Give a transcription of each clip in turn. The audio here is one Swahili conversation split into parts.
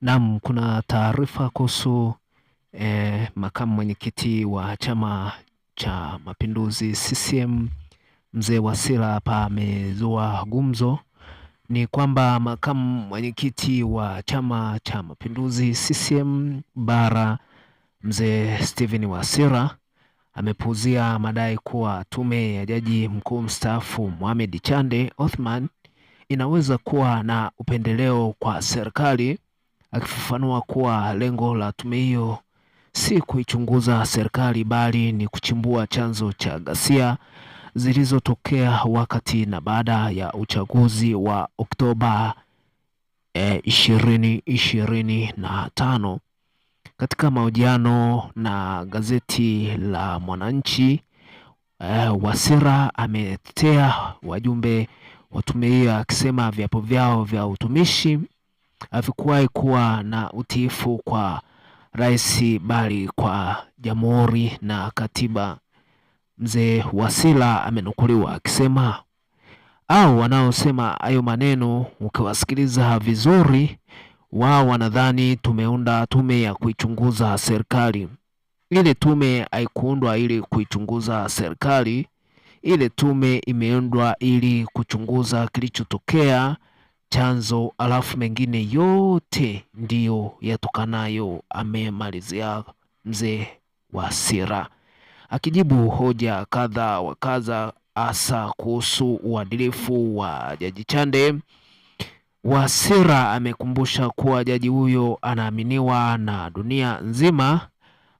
Naam, kuna taarifa kuhusu eh, makamu mwenyekiti wa Chama cha Mapinduzi CCM Mzee Wasira hapa amezua gumzo. Ni kwamba makamu mwenyekiti wa Chama cha Mapinduzi CCM Bara Mzee Steven Wasira amepuuzia madai kuwa tume ya jaji mkuu mstaafu Mohamed Chande Othman inaweza kuwa na upendeleo kwa serikali akifafanua kuwa lengo la tume hiyo si kuichunguza serikali bali ni kuchimbua chanzo cha ghasia zilizotokea wakati na baada ya uchaguzi wa Oktoba eh, ishirini ishirini na tano. Katika mahojiano na gazeti la Mwananchi e, Wasira ametetea wajumbe wa tume hiyo akisema viapo vyao vya utumishi havikuwahi kuwa na utiifu kwa rais bali kwa jamhuri na katiba. Mzee Wasira amenukuliwa akisema au wanaosema hayo maneno ukiwasikiliza vizuri, wao wanadhani tumeunda tume ya kuichunguza serikali. Ile tume haikuundwa ili kuichunguza serikali. Ile tume imeundwa ili kuchunguza kilichotokea chanzo, alafu mengine yote ndiyo yatokanayo, amemalizia mzee wa Sira akijibu hoja kadha wa kadha, hasa kuhusu uadilifu wa Jaji Chande. Wasira amekumbusha kuwa jaji huyo anaaminiwa na dunia nzima,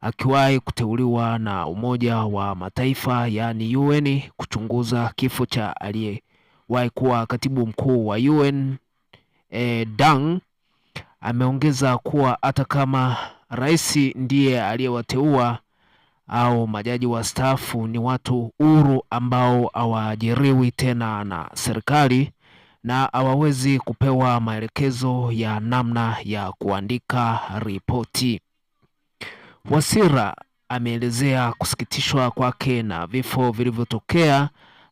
akiwahi kuteuliwa na Umoja wa Mataifa yaani UN kuchunguza kifo cha aliye aliyewahi kuwa katibu mkuu wa UN e, eh, Dang ameongeza kuwa hata kama rais ndiye aliyewateua au majaji wa staafu ni watu huru ambao hawaajiriwi tena na serikali na hawawezi kupewa maelekezo ya namna ya kuandika ripoti. Wasira ameelezea kusikitishwa kwake na vifo vilivyotokea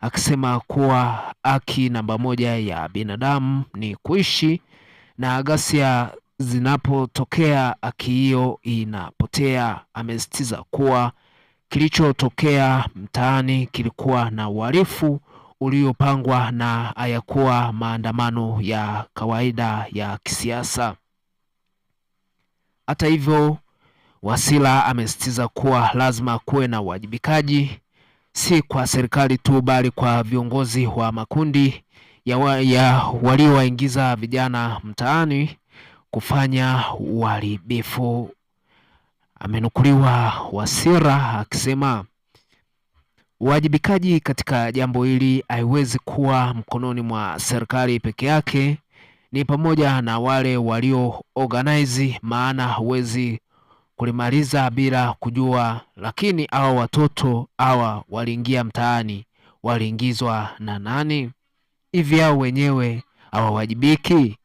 akisema kuwa haki namba moja ya binadamu ni kuishi, na ghasia zinapotokea haki hiyo inapotea. Amesisitiza kuwa kilichotokea mtaani kilikuwa na uhalifu uliopangwa na hayakuwa maandamano ya kawaida ya kisiasa. Hata hivyo, Wasira amesisitiza kuwa lazima kuwe na uwajibikaji si kwa serikali tu, bali kwa viongozi wa makundi ya, wa, ya waliowaingiza vijana mtaani kufanya uharibifu. Amenukuliwa Wasira akisema uwajibikaji katika jambo hili haiwezi kuwa mkononi mwa serikali peke yake, ni pamoja na wale walio organize, maana huwezi kulimaliza bila kujua, lakini hao watoto hawa waliingia mtaani, waliingizwa na nani? Hivi hao wenyewe hawawajibiki?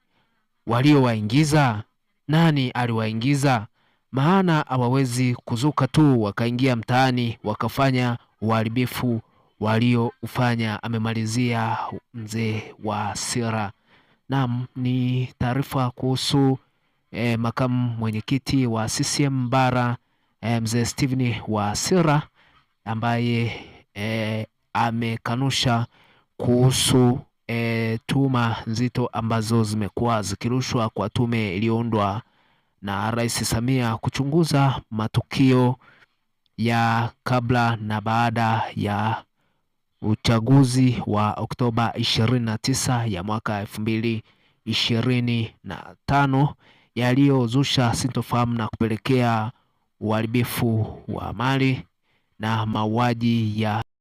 Waliowaingiza nani aliwaingiza? Maana hawawezi kuzuka tu wakaingia mtaani wakafanya uharibifu walioufanya. Amemalizia mzee wa Sira. Naam, ni taarifa kuhusu e, makamu mwenyekiti wa CCM bara e, mzee Steven Wasira ambaye e, amekanusha kuhusu e, tuma nzito ambazo zimekuwa zikirushwa kwa tume iliyoundwa na Rais Samia kuchunguza matukio ya kabla na baada ya uchaguzi wa Oktoba 29 ya mwaka 2025 yaliyozusha sintofahamu na kupelekea uharibifu wa mali na mauaji ya